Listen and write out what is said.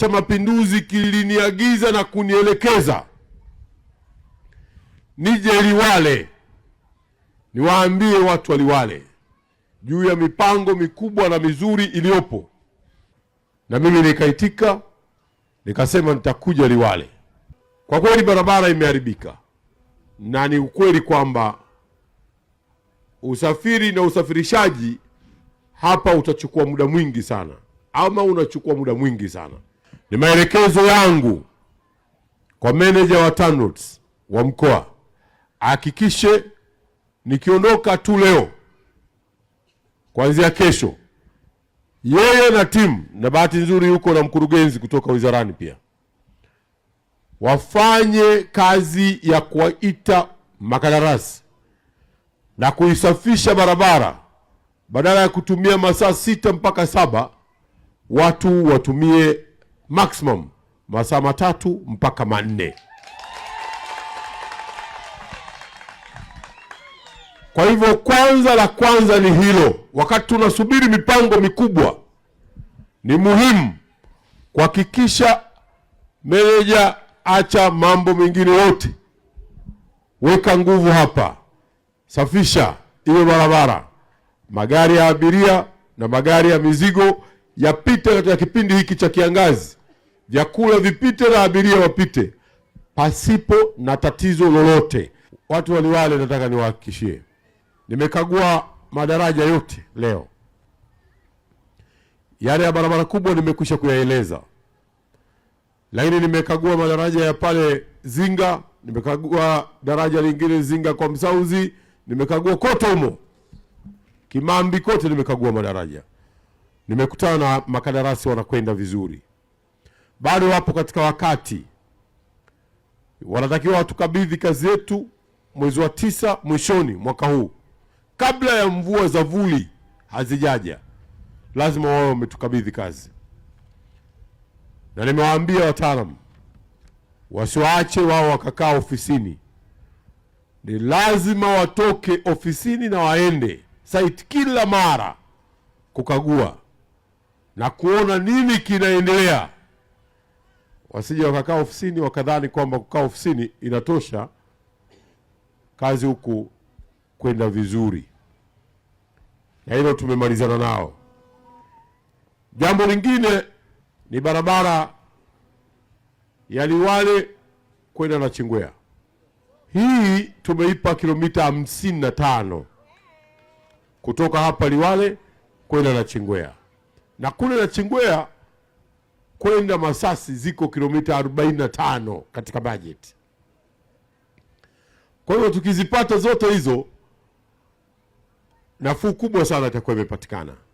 cha Mapinduzi kiliniagiza na kunielekeza nije Liwale niwaambie watu wa Liwale juu ya mipango mikubwa na mizuri iliyopo, na mimi nikaitika nikasema nitakuja Liwale. Kwa kweli barabara imeharibika, na ni ukweli kwamba usafiri na usafirishaji hapa utachukua muda mwingi sana, ama unachukua muda mwingi sana. Ni maelekezo yangu kwa meneja wa TANROADS wa mkoa hakikishe nikiondoka tu leo, kuanzia kesho, yeye na timu, na bahati nzuri yuko na mkurugenzi kutoka wizarani pia, wafanye kazi ya kuwaita makandarasi na kuisafisha barabara. Badala ya kutumia masaa sita mpaka saba, watu watumie maximum masaa matatu mpaka manne. Kwa hivyo, kwanza la kwanza ni hilo. Wakati tunasubiri mipango mikubwa, ni muhimu kuhakikisha meneja, acha mambo mengine yote, weka nguvu hapa, safisha hiyo barabara, magari ya abiria na magari ya mizigo yapite katika kipindi hiki cha kiangazi vyakula vipite na abiria wapite pasipo na tatizo lolote. Watu wa Liwale, nataka niwahakikishie, nimekagua madaraja yote leo, yale ya barabara kubwa nimekwisha kuyaeleza, lakini nimekagua madaraja ya pale Zinga, nimekagua daraja lingine Zinga kwa Msauzi, nimekagua kote humo Kimambi, kote nimekagua madaraja, nimekutana na makandarasi wanakwenda vizuri bado wapo katika wakati, wanatakiwa watukabidhi kazi yetu mwezi wa tisa mwishoni mwaka huu, kabla ya mvua za vuli hazijaja, lazima wao wametukabidhi kazi, na nimewaambia wataalamu wasiwaache wao wakakaa ofisini. Ni lazima watoke ofisini na waende site kila mara kukagua na kuona nini kinaendelea wasije wakakaa ofisini wakadhani kwamba kukaa ofisini inatosha kazi huku kwenda vizuri, na hilo tumemalizana nao. Jambo lingine ni barabara ya Liwale kwenda na chingwea hii tumeipa kilomita hamsini na tano kutoka hapa Liwale kwenda na chingwea na kule na chingwea kwenda Masasi ziko kilomita 45 katika bajeti. Kwa hiyo tukizipata zote hizo, nafuu kubwa sana itakuwa imepatikana.